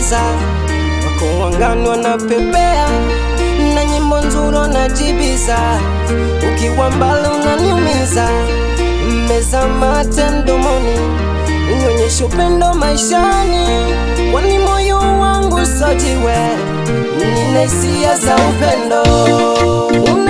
kupendeza, wako wangani wanapepea na nyimbo nzuri wanajibiza, ukiwa mbali unaniumiza, mmeza mate mdomoni, nionyeshe upendo maishani, kwani moyo wangu sojiwe, nina hisia za upendo Una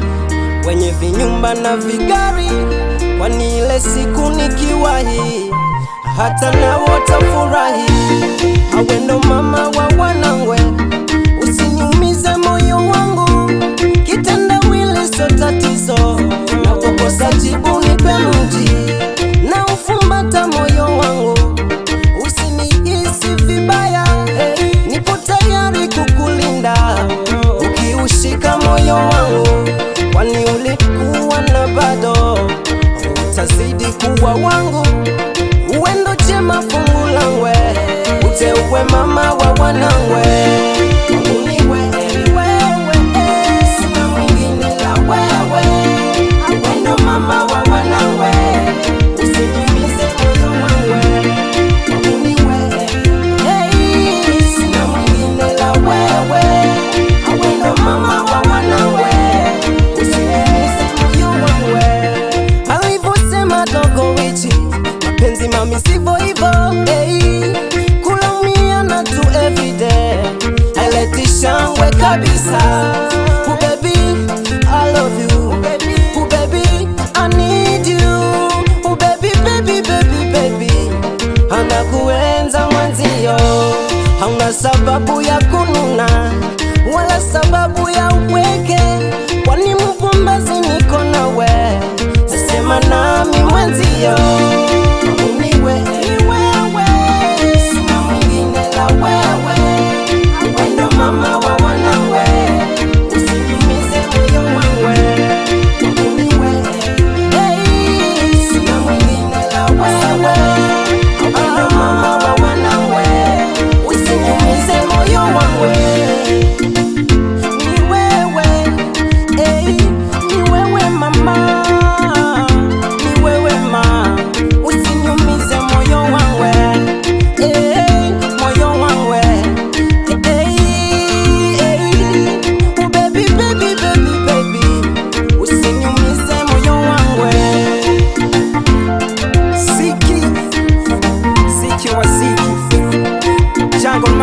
wenye vinyumba na vigari, kwani ile siku nikiwahi, hata na wote furahi. Hawe ndo mama wa wanangwe, usinyumize moyo wangu, kitendawili so tatizo, na kukosa jibu nipe mji na ufumbata moyo wangu, usinihisi vibaya, nipo tayari kukulinda ukiushika moyo wangu kwani ulikuwa na bado utazidi kuwa wangu, uendo chema fungu langu, eh. uteue mama kabisa. Hana kuenza mwanzio, hauna sababu ya kununa wala sababu ya upweke, kwani mpumbazi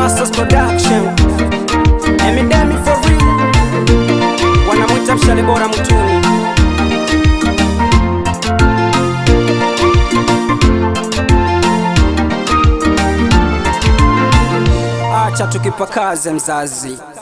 Masters Production Demi for real, wanamwita mshale bora mtuni. Acha tukipakaze mzazi